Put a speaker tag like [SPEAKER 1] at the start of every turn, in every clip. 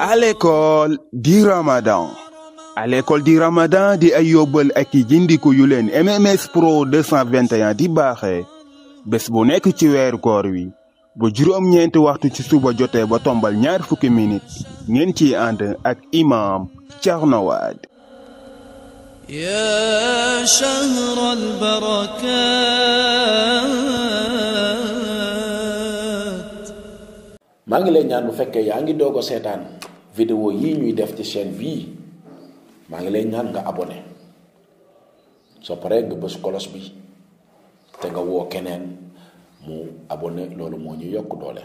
[SPEAKER 1] à l'école du Ramadan à di du Ramadan di ay yóbbal ak i jindiku yu leen MMS Pro 221 di baaxee bés bu nekk ci weeru koor wi ba juróom-ñeenti waxtu ci suba jotee ba tombal ñaar fukki minit ngeen ci ànd ak imaam Thierno Wade yaa shahral barakaat maa ngi lay ñaan bu fekkee yaa ngi doog a seetaan vidéo yii ñuy def ci chaîne bii maa ngi lay ñaan nga abonné soo paree nga bës kolos bi te nga woo keneen mu abone lolu mo ñu yok doole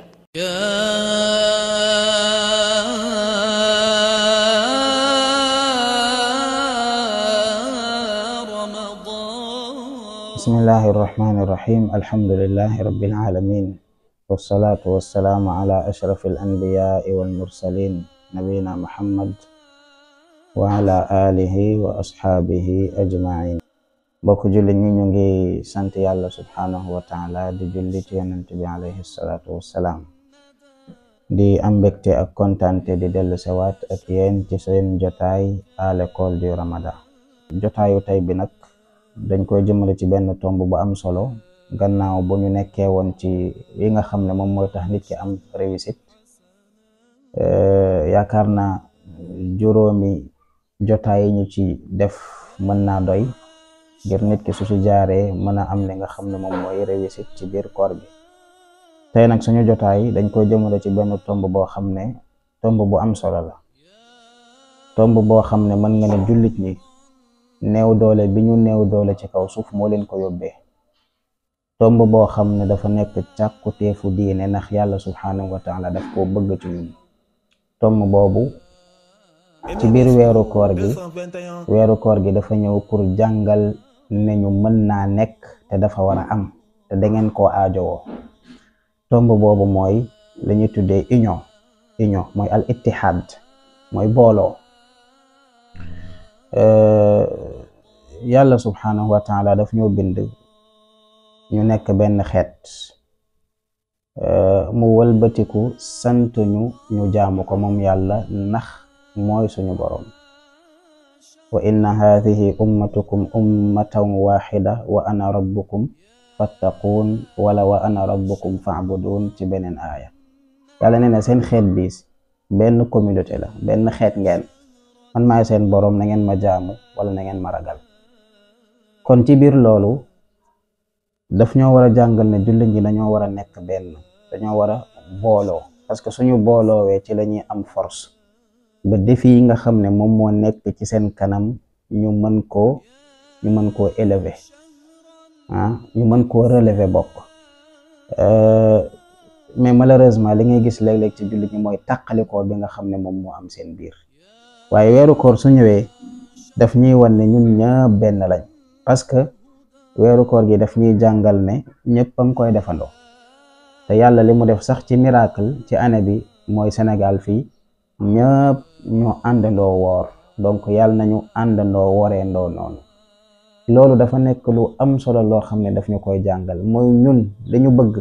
[SPEAKER 1] بسم الله الرحمن الرحيم الحمد لله رب العالمين والصلاة والسلام على أشرف الأنبياء والمرسلين نبينا محمد وعلى آله وأصحابه أجمعين mbokk jullit ñi ñu ngi sant yàlla subhanahu wa taala di julli ci yonent bi alayhi salaatu wassalaam di am mbégte ak kontaante di dellu sewaat ak yéen ci seen jotaay à l'école du Ramadan jotaayu tey bi nag dañ koy jëmale ci benn tomb bu am solo gannaaw bu ñu nekkee woon ci yi nga xam ne moom mooy tax nit ki am réussite eh, yaakaar naa juróomi jotaay yi ñu ci def mën naa doy ngir nit ki su ci jaaree a am li nga xam ne moom mooy réussite ci biir koor gi tey nag suñu jotaay dañ koy jëmale ci benn tomb boo xam ne tomb bu am solo la tomb boo xam ne mën nga ne jullit néew doole bi ñu néew doole ci kaw suuf moo leen ko yóbbee tomb boo xam ne dafa nekk càkkuteefu diine ndax yàlla subhaanahu wa taala daf koo bëgg ci ñun tomb boobu ci biir weeru koor gi weeru koor gi dafa ñëw pour jàngal ne ñu mën naa nekk te dafa war a am te dangeen ko aajowoo tomb boobu mooy la ñuy tuddee union union mooy al ittihad mooy booloo euh, yàlla subhanahu wa taala daf ñoo bind ñu nekk benn xeet euh, mu walbatiku sant ñu ñu jaamu ko moom yàlla ndax mooy suñu boroom wa inna haadihi ummatukum ummatan waaxida wa ana rabbukum fattaquun wala wa ana rabbukum faabuduun ci beneen aaya yàlla nee na seen xeet bi benn communauté la benn xeet ngeen man maay seen boroom na ngeen ma jaamu wala na ngeen ma ragal kon ci biir loolu daf ñoo war a jàngal ne jullit ñi dañoo war a nekk benn dañoo war a booloo parce que suñu booloowee ci la ñuy am force ba défi yi nga xam ne moom moo nekk ci seen kanam ñu mën koo ñu mën koo élever ah ñu mën koo relever bokk euh, mais malheureusement li ngay gis léeg-léeg ci jullit ñi mooy tàqalikoo bi nga xam ne moom moo am seen biir waaye weeru koor su ñëwee daf ñuy wan ne ñun ñaa benn lañ parce que weeru koor gi daf ñuy jàngal ne ñëpp a ngi koy defandoo te yàlla li mu def sax ci miracle ci année bi mooy Sénégal fii ñëpp ñu àndandoo woor donc yàlla nañu àndandoo woreendoo noonu loolu dafa nekk lu am solo loo xam ne daf ñu koy jàngal mooy ñun dañu bëgg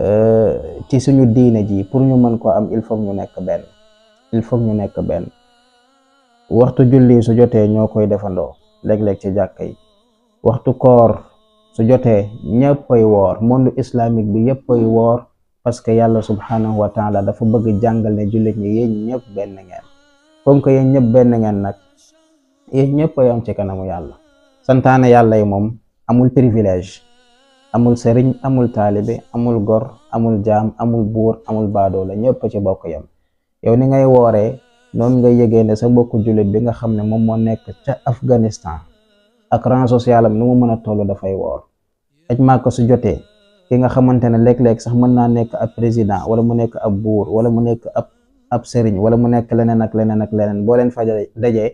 [SPEAKER 1] euh, ci suñu diine ji pour ñu mën ko am il faut ñu nekk benn il faut ñu nekk benn waxtu julli su jotee ñoo koy defandoo léeg-léeg ci jàkka yi waxtu koor su jotee ñëppay woor monde islamique bi yëppay woor parce que yàlla subhanahu wa taala dafa bëgg jàngal ne jullit ñi yéen ñëpp benn ngeen comme que ñëpp benn ngeen nag yéen ñëpp a ci kanamu yàlla santaane yàlla yi moom amul privilège amul sëriñ amul taalibe amul gor amul jaam amul buur amul baadoo la ñëpp ci bokk yam yow ni ngay wooree noonu nga yëgee ne sa mbokku jullit bi nga xam ne moom moo nekk ca Afghanistan ak ran social am nu mu mën a toll dafay woor aj Màkka su ki nga xamantene lek lek sax mën na nek ab président wala mu nek ab bour wala mu nek ab ab serigne wala mu nek lenen ak lenen ak lenen bo len fa dajé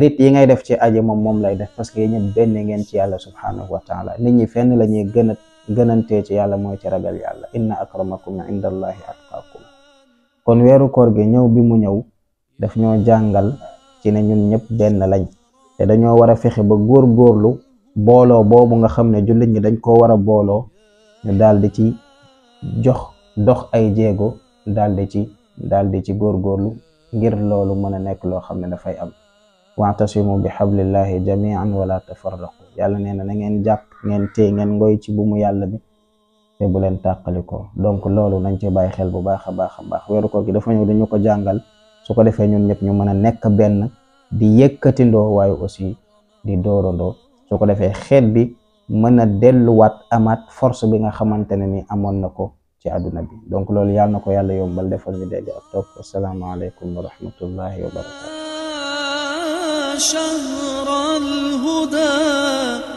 [SPEAKER 1] rit yi ngay def ci aji mom mom lay def parce que yéen benn ngeen ci yalla subhanahu wa taala nit ñi fenn lañuy gëna gën ci yalla moy ci ragal yalla inna akramakum indallahi atqakum kon wéru koor gi ñew bi mu ñew daf ñoo jangal ci ne ñun ñëpp benn lañ té dañoo wara fexé fexe ba góor góorlu bolo bobu nga xamné jullit ñi dañ ko wara bolo ñu daal di ci jox dox ay jéego daal ci daal di ci góorgóorlu ngir loolu mën a nekk loo xam ne dafay am wa'tasimu bi hablillahi jami'an wala tafarraqu yàlla nee na na ngeen jàpp ngeen téye ngeen ngoy ci buumu yàlla bi te bu leen tàqalikoo donc loolu nañ ci bàyyi xel bu baax a baax a baax weeru koor gi dafa ñëw dañu ko jàngal su ko defee ñun ñëpp ñu mën a nekk benn di yëkkatindoo waaye aussi di doorandoo su ko defee xeet bi mëna a delluwaat amaat force bi nga xamantene ni amon nako ci aduna bi donc loolu yàlla na ko yàlla yombal defal ñu dégg ak topp asalaamaaleykum wa rahmatullahi wa barakatuh